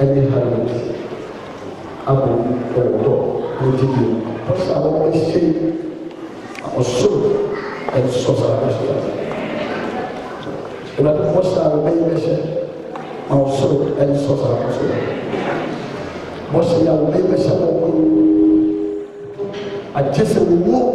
ɛne harvest abɔ ɛwɔ ne ti bi pɔsɛ awɔ ɛhyɛ ɔsoro ɛsɔ saa ɛhyɛ ɛwɔde pɔsɛ awɔ ɛyɛ ɛhyɛ ɔsoro ɛsɔ saa ɛhyɛ pɔsɛ awɔ ɛyɛ ɛhyɛ ɔwɔ agye sɛ wɔwɔ.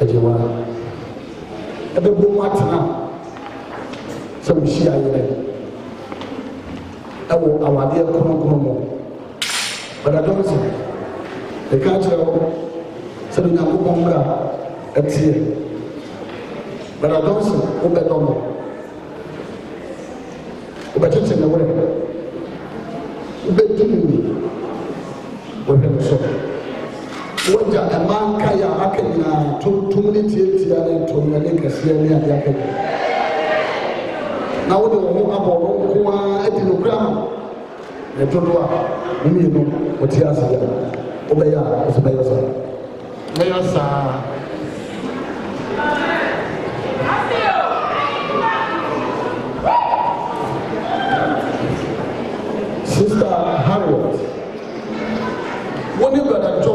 agyewa ɛbɛbɔ mu atena sɛ wohyia yerɛ ɛwɔ awadeɛ kronkron mu bada dɔnso ɛka kyerɛ wo sɛde onyankopɔn mmra ɛteɛ bada dɔnso wobɛdɔ mo wobɛkyekye ne werɛ wobɛdi ne ni wɔhwɛ no so wogya ɛma nka yɛ aka nyinaa tuntum ne tiatia ne ntomia ne kɛseɛ ne adeɛ aka bi na wode wo ho abɔ wo nko ara adi nokora ma ne dodo a mmienu wɔte ase yɛ wobɛyɛ a wɔsɛ bɛyɛ saa bɛyɛ saa Sister Harriet, what do you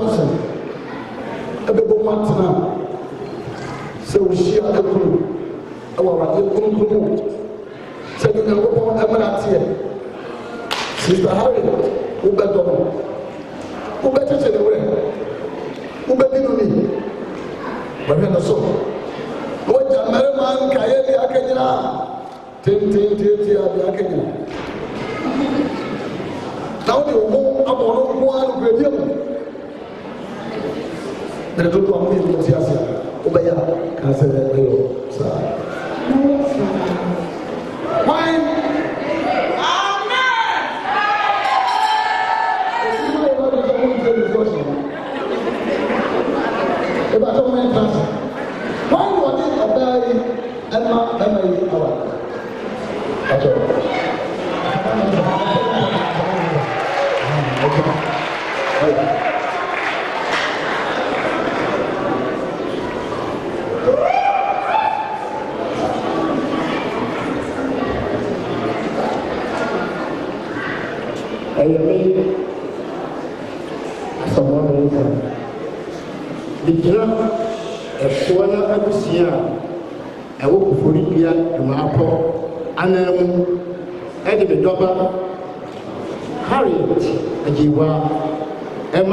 sɛ wohyia akuru ɛwɔ awurade kronkron mu sɛ nyankopɔn ɛmana teɛ sista hare wobɛdɔ no wobɛkyekye ne werɛ wobɛdi no ni bɛhwɛ no so na wagya mmarima nkaeɛ bi aka nyinaa tentententiaa bi aka nyina na wode wo ho abɔ no nko a nokuradiɛ mu na dodoa mo yɛ nimɔte aseɛ wobɛyɛ a I said,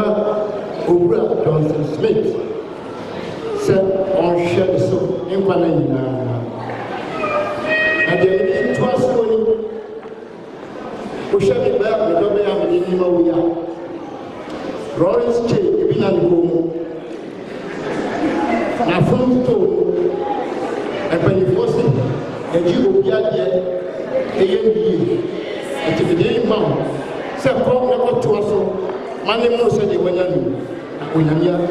ma owura johnson smith sɛ ɔnhwɛ ne so nkwa no nyinaa na deɛ mede nto ase wɔ ni wohwɛ me bɛɛ medɔ bɛyɛ a mede nima wo yɛ a lawrence kye ebi na ne kɔn mu na fom to mpanimfoɔ se agyi obi adeɛ ɛyɛ yie ɛtɛmɛdeɛ yi ma wo sɛ kɔm na kɔtoa so mane mu sɛ deɛ wanya no na onyame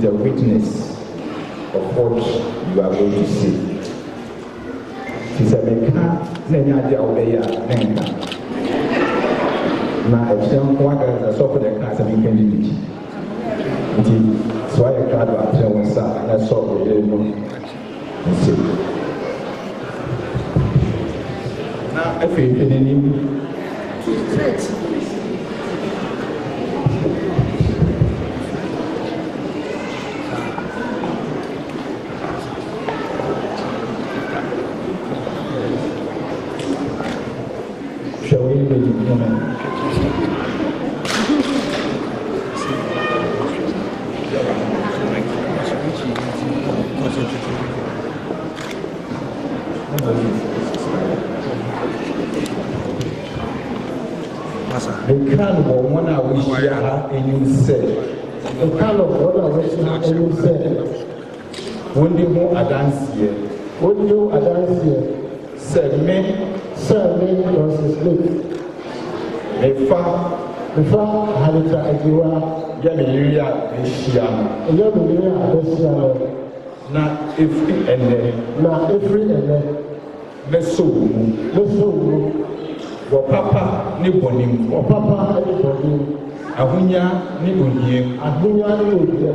is a witness of what you are going to see. Ti sɛ meka na ɛnyɛ adi a wɔbɛyɛ a ne nka. Na ɛkyɛ nko agarasa sɔfo de ka asɛm nka ne nidi. Nti so ayɛ kaa do apɛ wɔn nsa na sɔfo yɛ no nse. Na afei hwɛ n'anim. Ti straight. ani nsɛ ɛkalo wɔn a wɔahyia ani nsɛ wɔnni ho adanseɛ wɔnni ho adanseɛ sɛ me sɛ me lɔsis lake mefa mefa halita adiwa yɛ me yiri a mehyia no ɛyɛ me yiri a mehyia no na efiri ɛnɛ na efiri ɛnɛ mɛsɛ owu mɛsɛ owu wɔ papa ne bɔnne mu wɔ papa ne bɔnne mu ahonya ne onyie ahonya ne onyie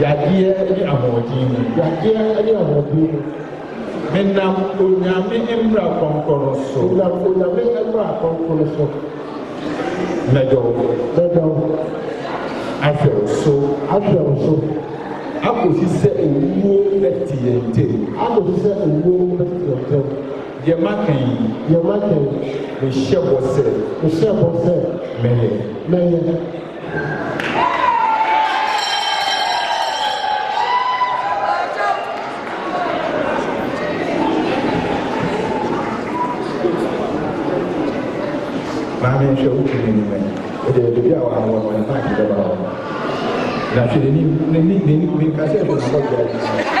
yadeɛ ne ahoɔden mu yadeɛ ne ahoɔden mu menam onyame mmra kɔnkɔn so menam onyame mmra kɔnkɔn so mɛdɔw mɛdɔw ahwɛw so ahwɛw so akɔsi sɛ owuo bɛ te yɛn ntɛm akɔsi sɛ owuo bɛ te ntɛm deɛ maka yi deɛ maka yi mehyɛ bɔ sɛ mehyɛ bɔ sɛ mɛyɛ mɛyɛ maame nhwɛ wotu o nimɛ ɔde baabi a wɔawɔ no ne paake bɛba hɔ na hwɛ n'anim n'anim n'anim kasɛ ɛbɛnabɔdea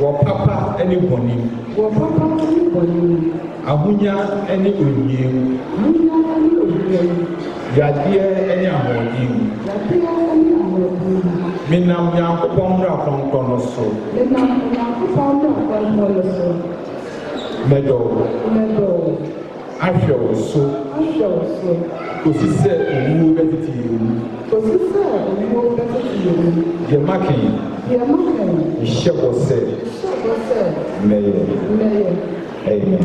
wɔ papa ne bɔne mu wɔ papa ne bɔne mu ahonya ne onyie mu ahonya ne onyie mu yadeɛ ne ahoɔden mu yadeɛ ne ahoɔden menam nyankopɔn mmra kɔnkɔ no so menam nyankopɔn mmra kɔnkɔ no so mɛdɔ wo mɛdɔ ahwɛ wo so ahwɛ wo so kòsi sɛ owuo bɛ tete yɛ mu kòsi sɛ owuo bɛ tete yɛ mu yɛ makin. Iṣẹ́ wọ sẹ́. Mẹ́yẹ. Mẹ́yẹ. Amen.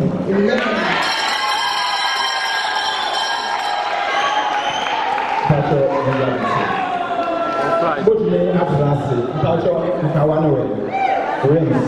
Pàṣẹ ẹ̀yà ìṣe. Bó tilẹ̀ afra ṣe, pàṣẹ ìkàwá náà rẹ̀, rings.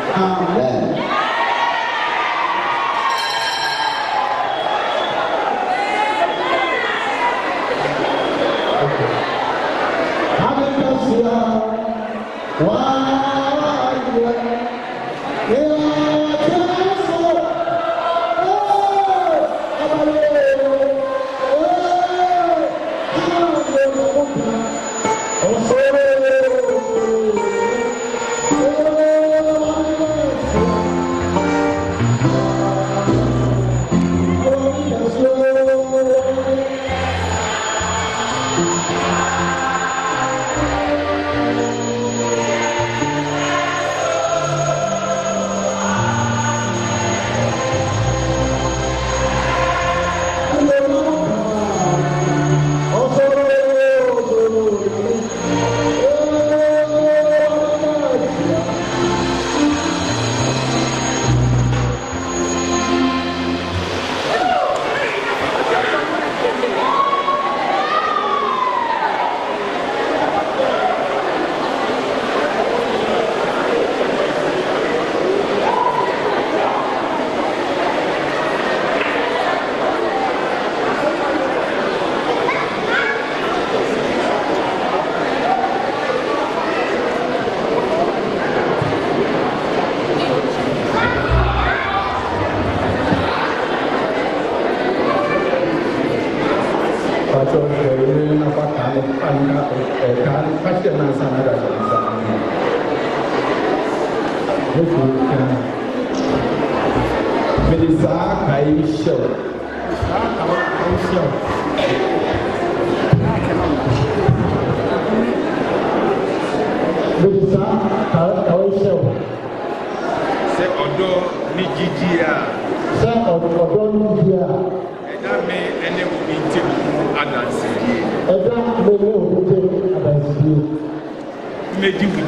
mɛdi wudi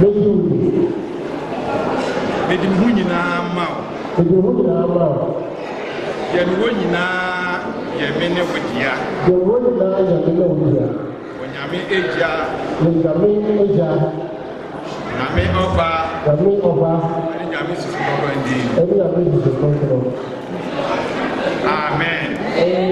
mɛdi wudi mɛdi ho nyinaa ma wo mɛdi ho nyinaa ma wo yɛne hɔ nyinaa yɛ me ne wo dea yɛne hɔ nyinaa yɛ me ne wo dea onyame agya onyame agya nyame ɔba nyame ɔba ɛne nyame susu kɔkɔ ndi ɛne nyame susu kɔkɔ amen amen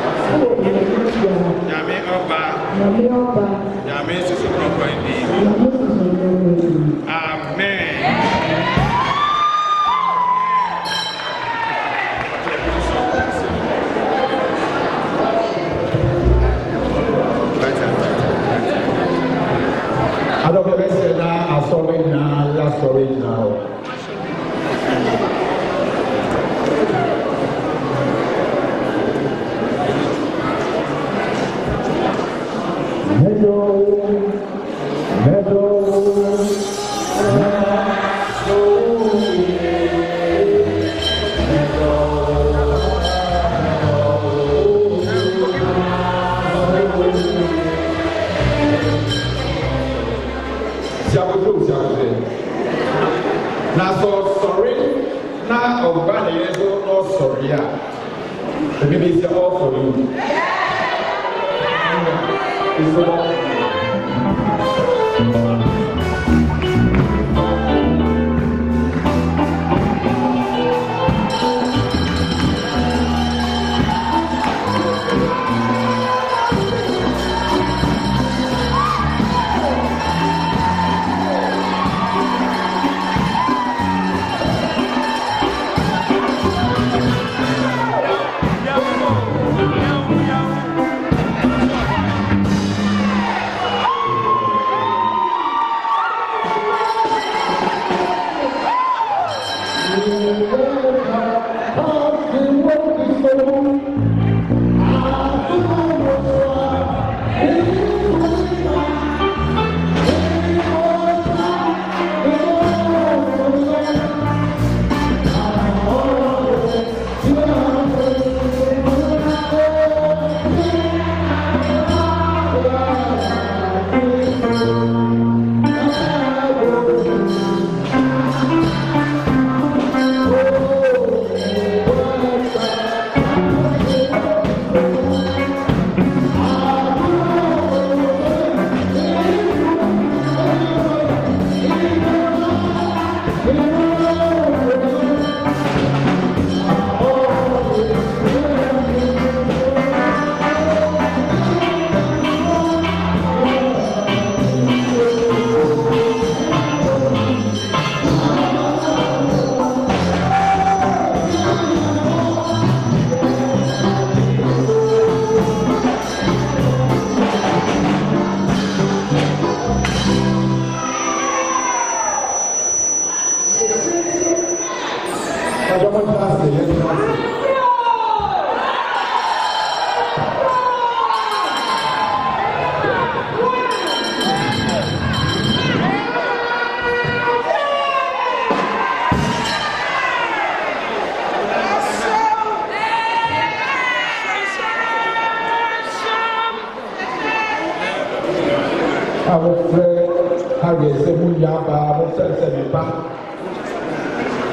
nyame ɔba nyame susu kɔkɔ ni amen. The BBC all for you. Yeah. It's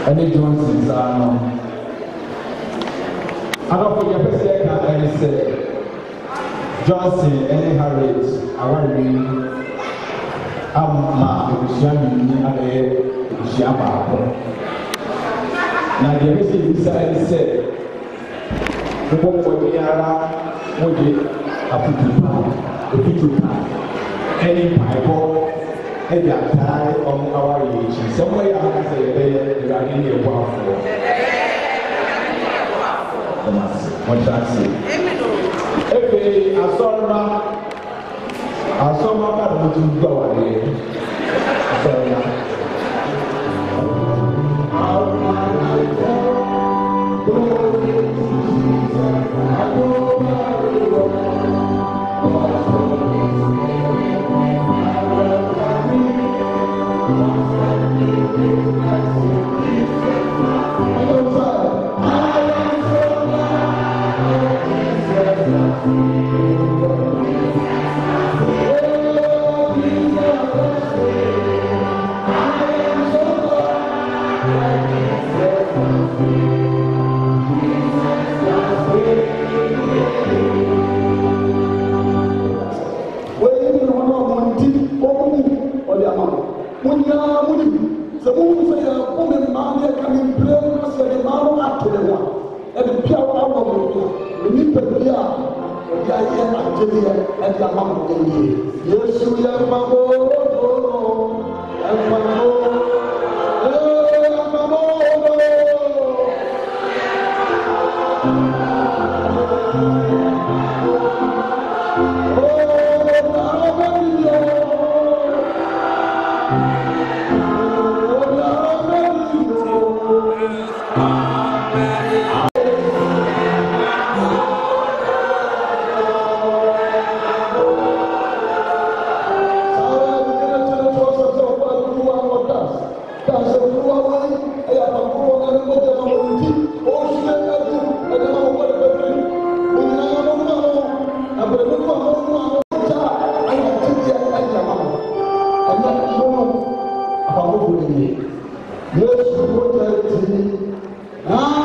ɛne johnson saa no adɔfo yɛpɛ sɛ ɛka ɛne sɛ johnson ɛne harriet awarewi ama abusua mmienu abɛyɛ abusua baako na deɛ ɛpɛ sɛ ebisa ɛne sɛ mobɔbɔ biara mogye afutu paa afutu paa ɛne mpaebɔ ɛdi ataa ɔmo awa yɛ ekyi sɛ ɔmo yɛ akasa yɛ bɛyɛ ɛwurade ne ɛbu aforo ɔmo ase ɔhyɛ ase ebe asɔrɔba asɔrɔba ba do mo ti gba wa deɛ asɔrɔba. ɛnyɛ fufuo no apakofo ne yie yesu wo tɛ ti naa.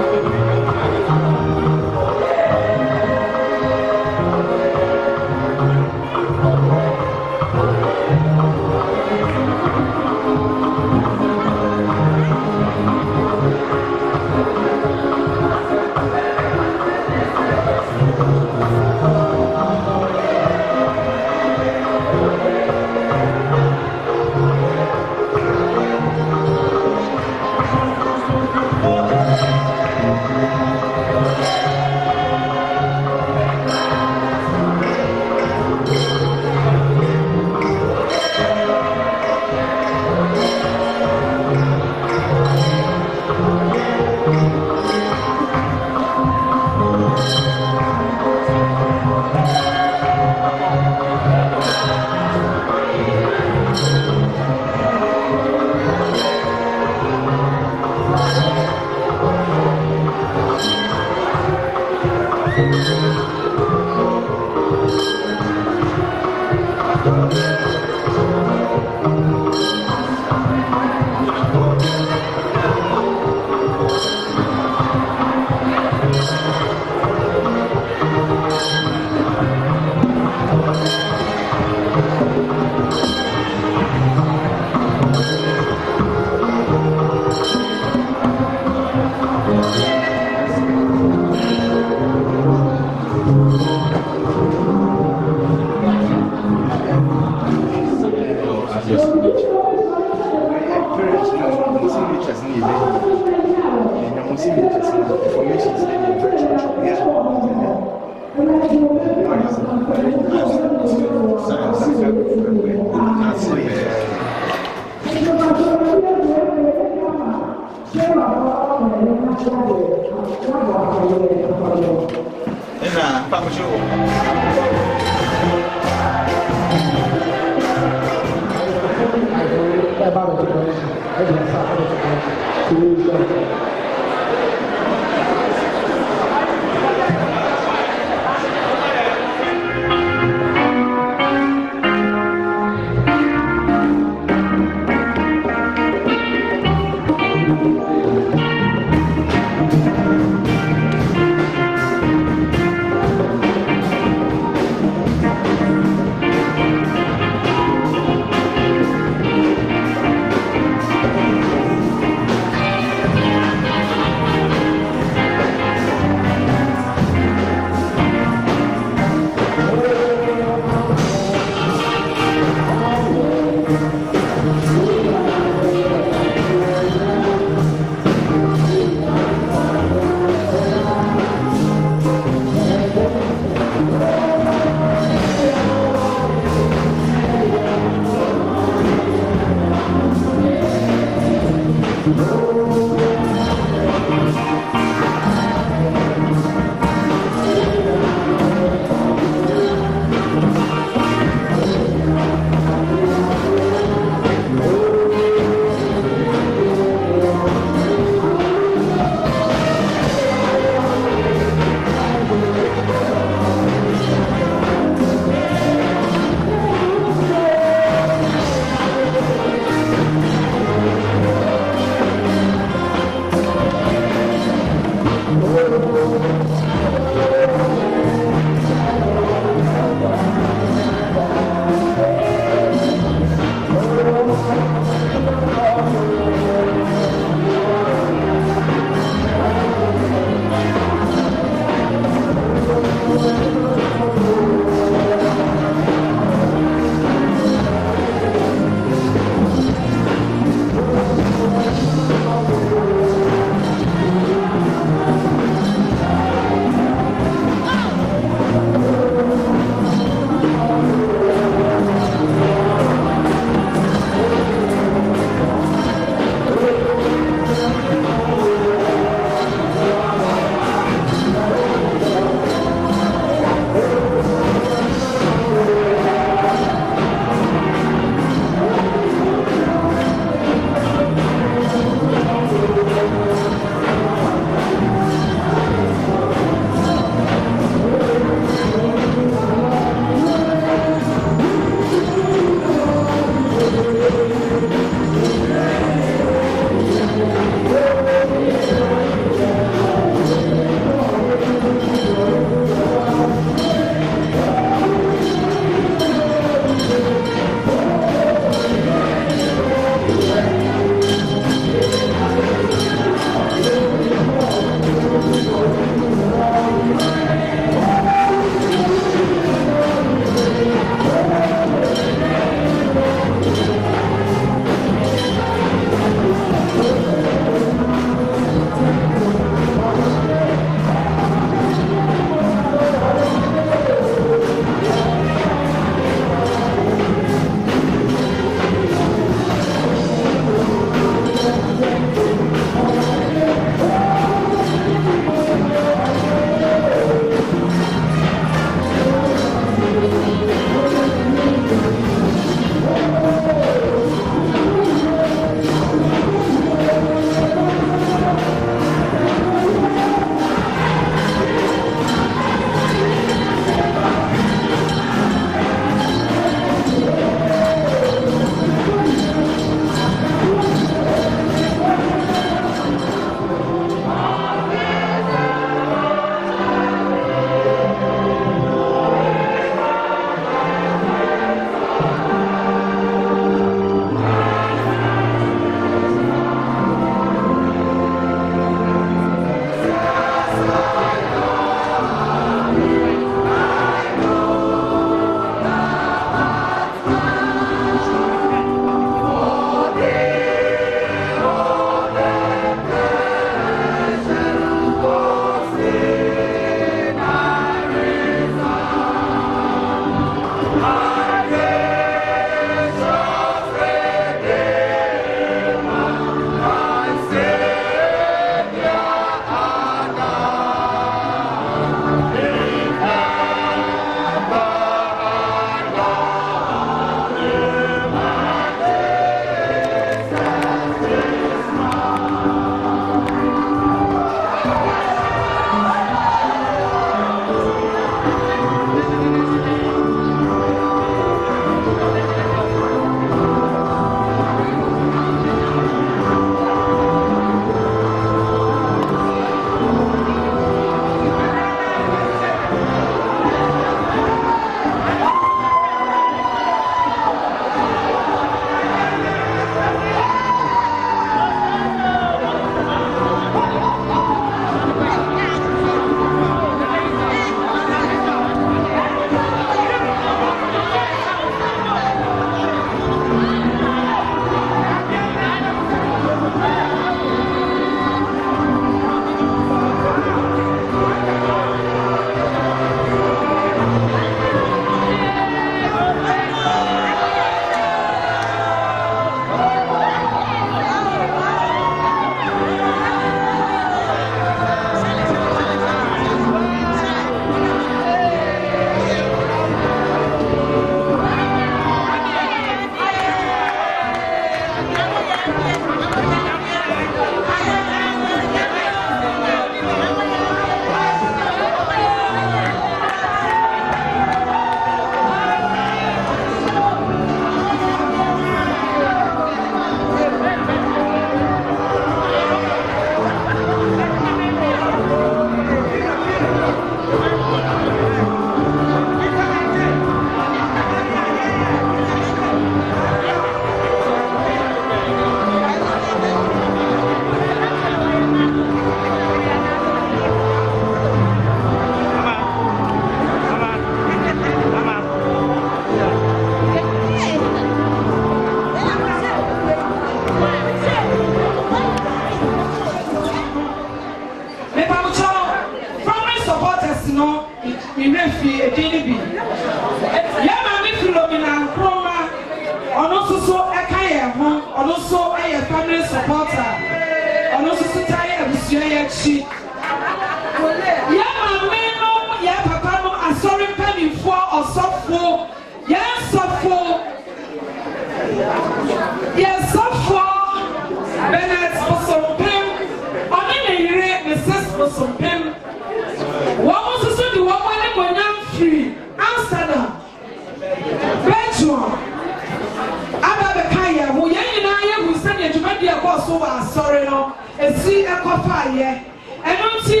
so wɔ asɔre no esi ɛkɔfa ayɛ ɛno nti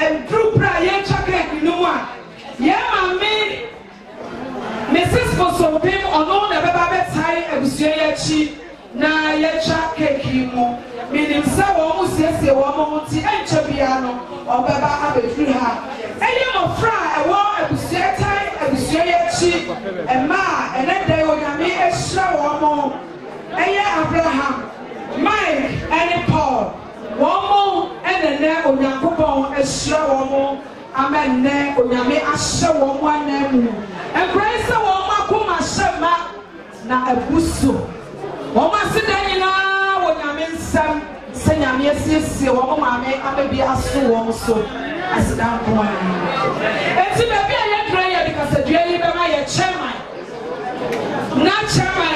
ɛdurubura a yɛtwa kɛɛki no mu a yɛn maame mrs kosomfin ɔno na ɛbɛba abɛtae abusua yɛ akyi na yɛtwa kɛɛki mu menim sɛ wɔn mo siesie wɔn mo ho ti ɛnkyɛ biara no ɔbɛba abɛduru ha ɛyɛ mmɔfra a ɛwɔ abusua tae abusua yɛ akyi ɛmaa ɛnɛ dɛ onyame ahyira wɔn mo ɛyɛ abraham. mike ɛne paul wɔn mo ɛna nɛ onyankopɔn ɛsrɛ wɔn ama nnɛ onyame ahyɛ wɔn mo anan mu nkran sɛ wɔn hyɛ ma na ɛbu so wɔn mo aseda nyinaa wɔ nyame nsɛm sɛ nyame asiesie wɔn so chairman na chairman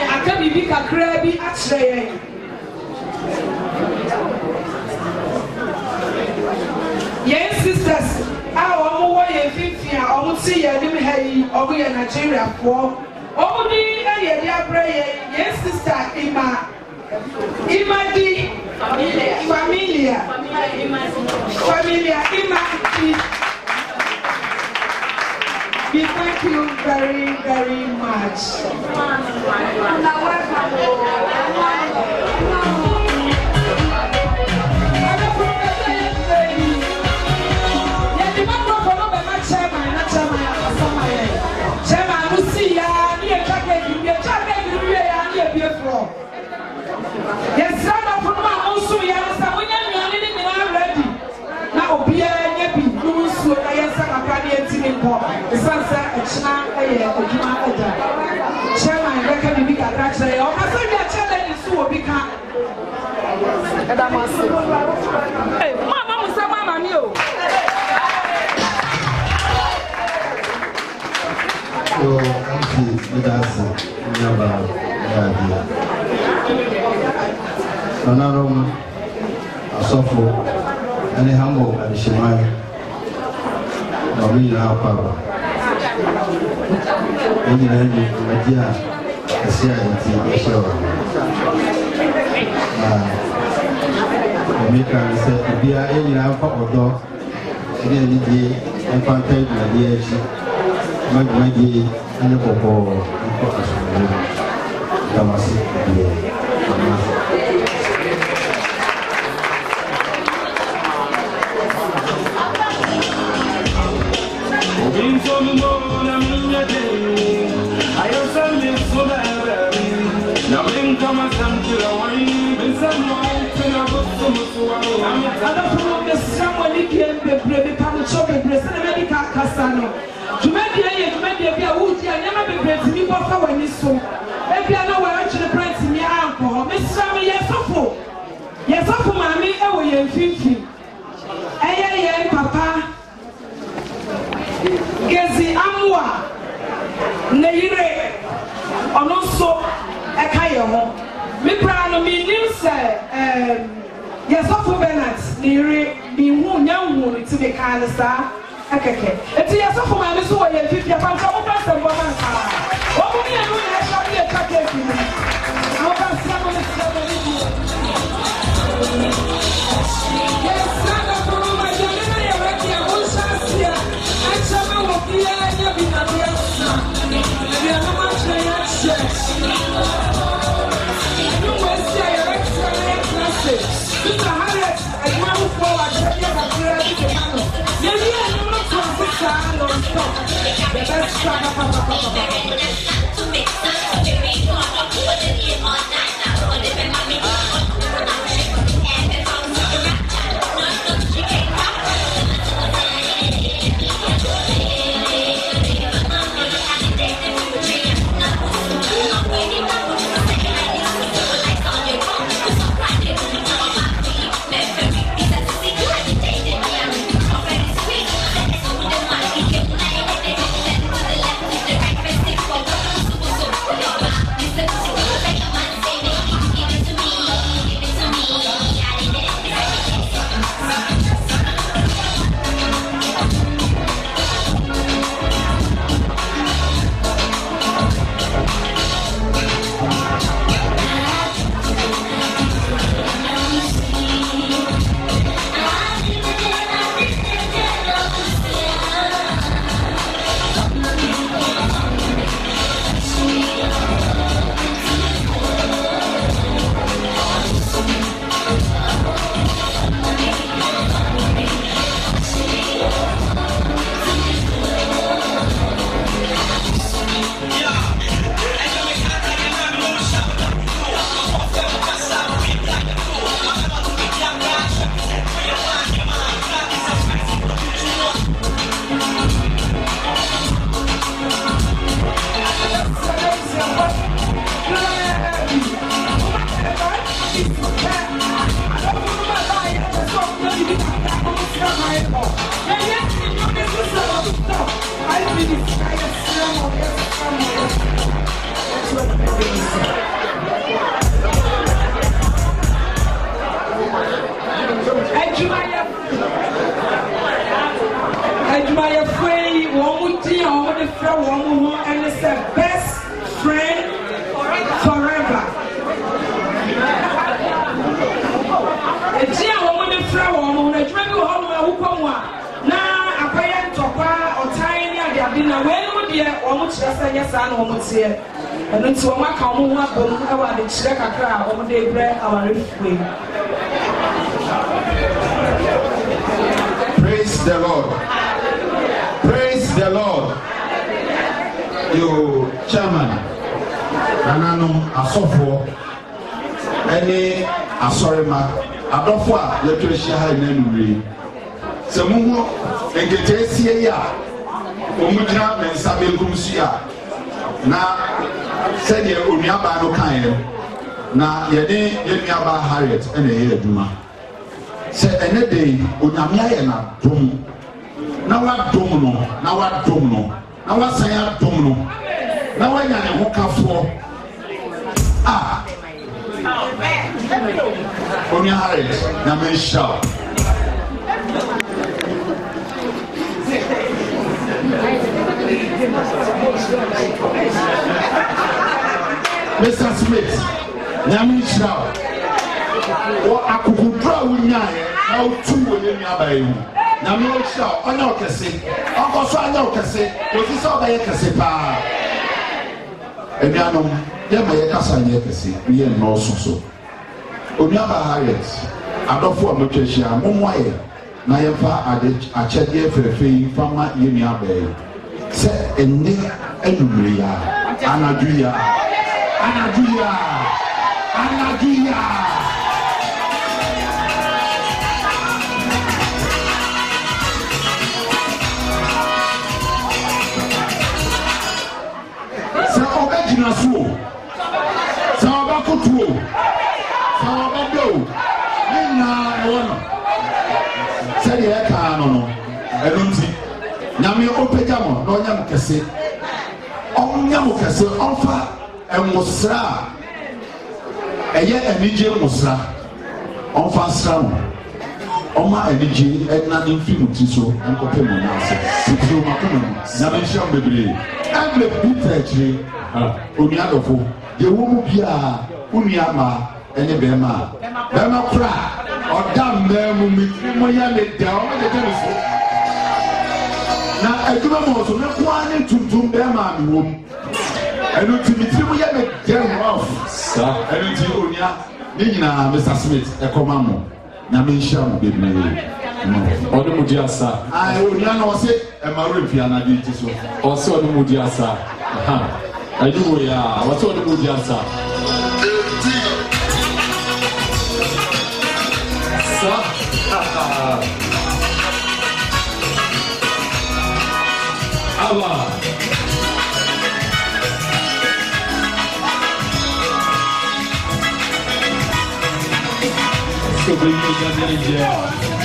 kakra bi akyerɛ yɛn sisters a wɔn wɔ yɛn a wɔn ti yɛn anim ha yi wɔn yɛ nigeriafoɔ wɔn ni yɛ de abrɛ yɛn yɛn sister ima ima di familia familia ima di. We thank you very, very bɔ ɛsiane sɛ ɛkyena ɛyɛ adwuma agya chairman bɛka biribi kakra kyerɛ yɛ ɔkasa bi akyɛ lady so wɔ bi ka ɛda mo ase mama mo sɛ mama me o So, I'm here, that's it. I'm here. Honorable Asofo, any humble and Shemai na ɔno nyinaa akɔ aba ne nyinaa nyɛ dwumadi a ɛsɛ a yɛti ɛhyɛ wɔ na ɔme ka ne sɛ obiara yɛn nyinaa mfa ɔdɔ ɛne anidie mfa nta dwumadeɛ akyi ma dwumadie ne bɔbɔɔ nkɔ asomdwe dawase deɛ ɔmaa nkyɛw bebree sɛ na mɛ di ka akasa no dwumadie yɛ dwumadie bi a wogyi a nneɛma bebree ti mi bɔ fa w'ani so ebi a na wɔretwere pɛnti mi ankɔ hɔ mesra mi yɛ sɔfo yɛ sɔfo maame ɛwɔ yɛn mfimfini. kan no saa ɛkɛkɛ eti yɛ sɔfo maame so wɔ yɛn fifi apankyɛ wɔn kɔ asɛm bɔ nankaa wɔn mu mmienu na ɛhyɛ ɔmo yɛ twa keeki mu. The best song I've come, heard. omi ahayɛ nyame nhyira mr smith nyame nhyira wo wɔ akokoduro a wonyaeɛ na wotu wɔ ne nuabaeɛ mu nyame ɔhyira wo ɔnyɛ wo kɛse ɔkɔ so anyɛ wo kɛse ɔsi sɛ ɔbɛyɛ kɛse paa anuanom yɛma yɛkasa nyɛ kɛse ne yɛ nnɔɔso onuaba harriet adɔfo a motwa ahyia mommoayɛ na yɛmfa ade akyɛdeɛ fɛfɛ yi fa ma yɛ nua bɛɛ sɛ ɛnne anumere yia anadwo yia anadwo yia anadwo yia sɛ ɔbɛgyina so sɛ ɔbɛkoto ɛno nti nyame ɔpɛgya mo na ɔnya mo kɛse ɔnya mo kɛse ɔmfa ɛmosra a ɛyɛ anigye mosra ɔmfa nsra mo ɔma anigye ɛnane mfiri mo ti so nkɔpɛ mo na ase tutu ma kɔn mu nyame nhyia mo bebree ɛnlɛ bi tɛ akyire onua dɔfo deɛ wɔn mu biara onua maa ɛne bɛrima bɛrima kora ɔda mmaa mu mi mo yɛ ne da ɔmo de de ne so na adwuma mu nso ne koa ne tuntum dɛ maa mi wɔ mu ɛnu ti mi tiri mu yɛ mi dɛm ɔf saa ɛnu ti onia ne nyinaa mr smith ɛkɔma mo na mi nhyia mo bebree ɔne mu di asa. ayi onia na ɔsi ɛmaru efi anadi ti so. ɔsi ɔne mu di asa ɛdi wo ya ɔsi ɔne mu di asa. Allah. Sobrinho da Nigéria.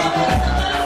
Thank you.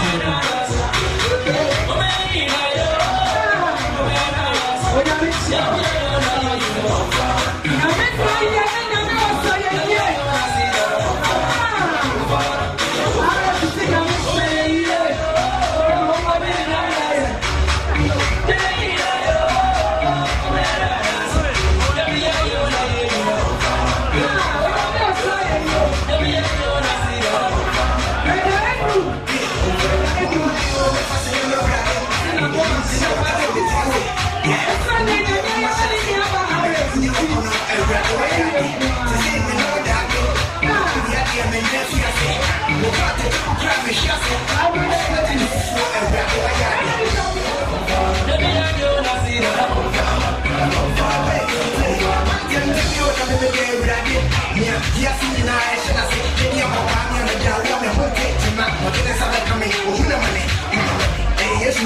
Oh, man.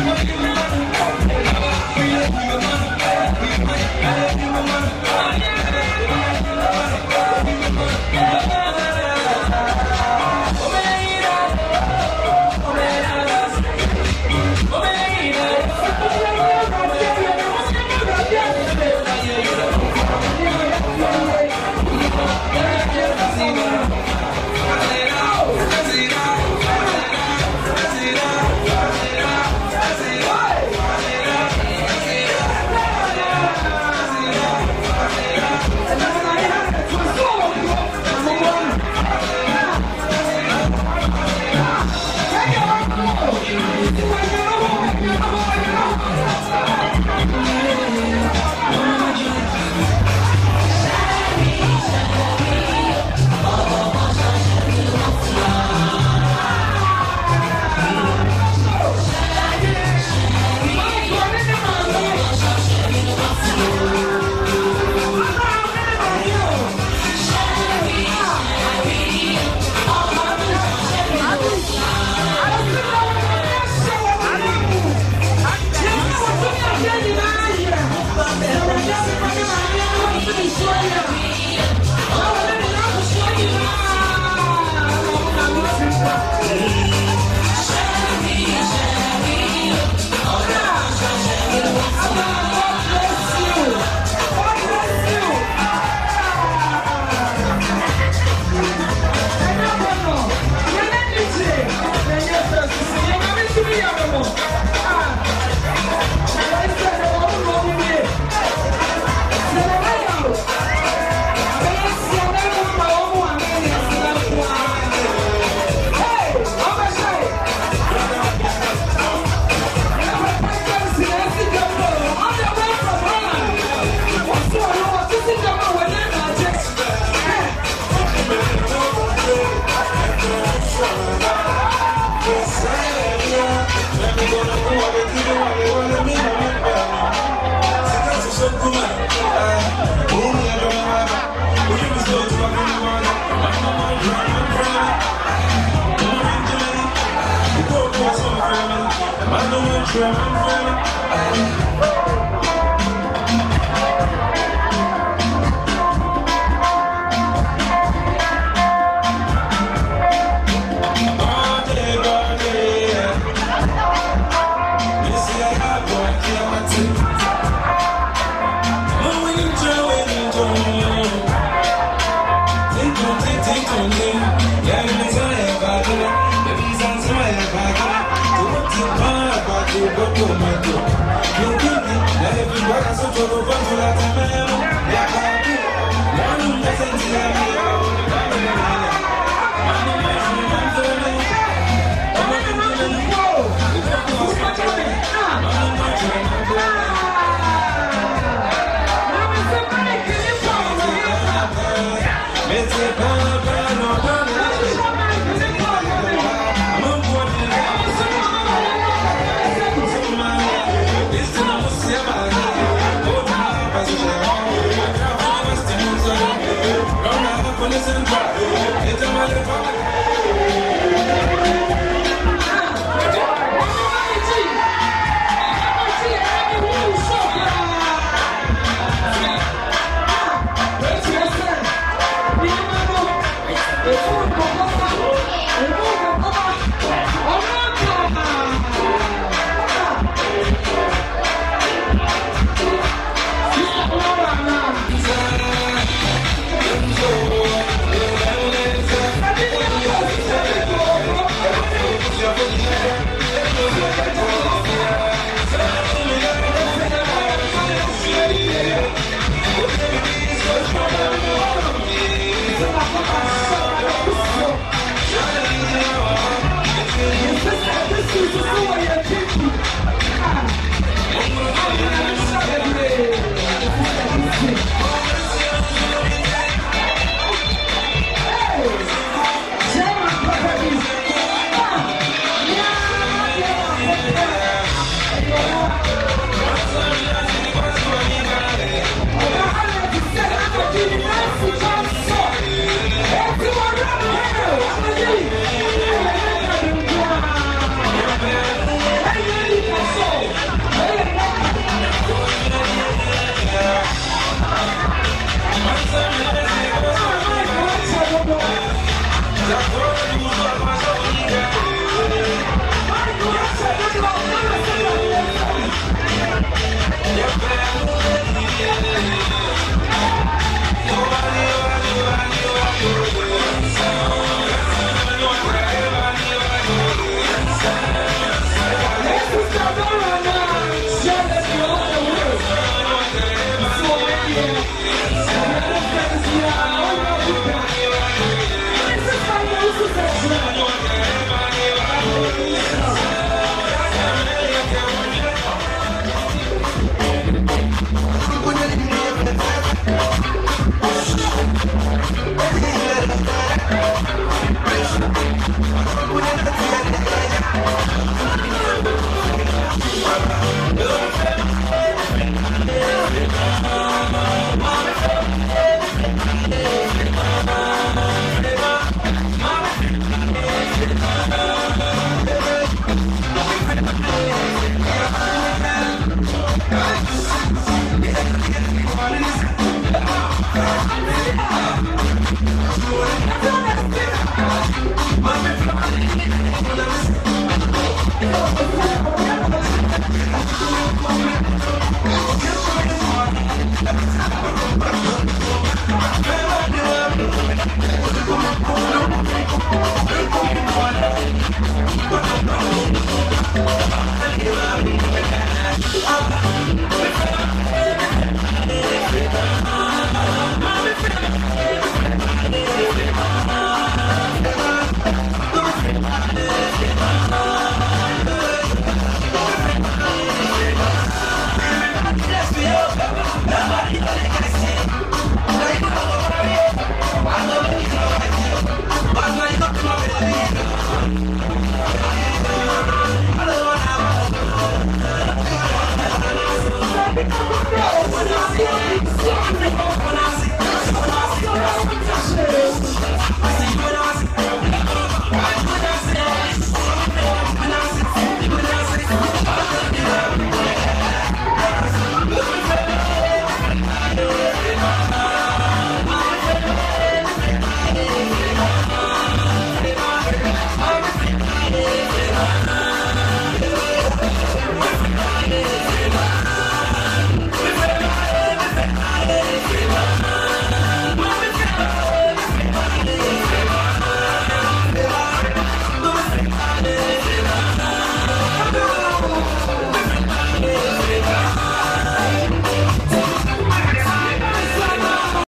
Thank you.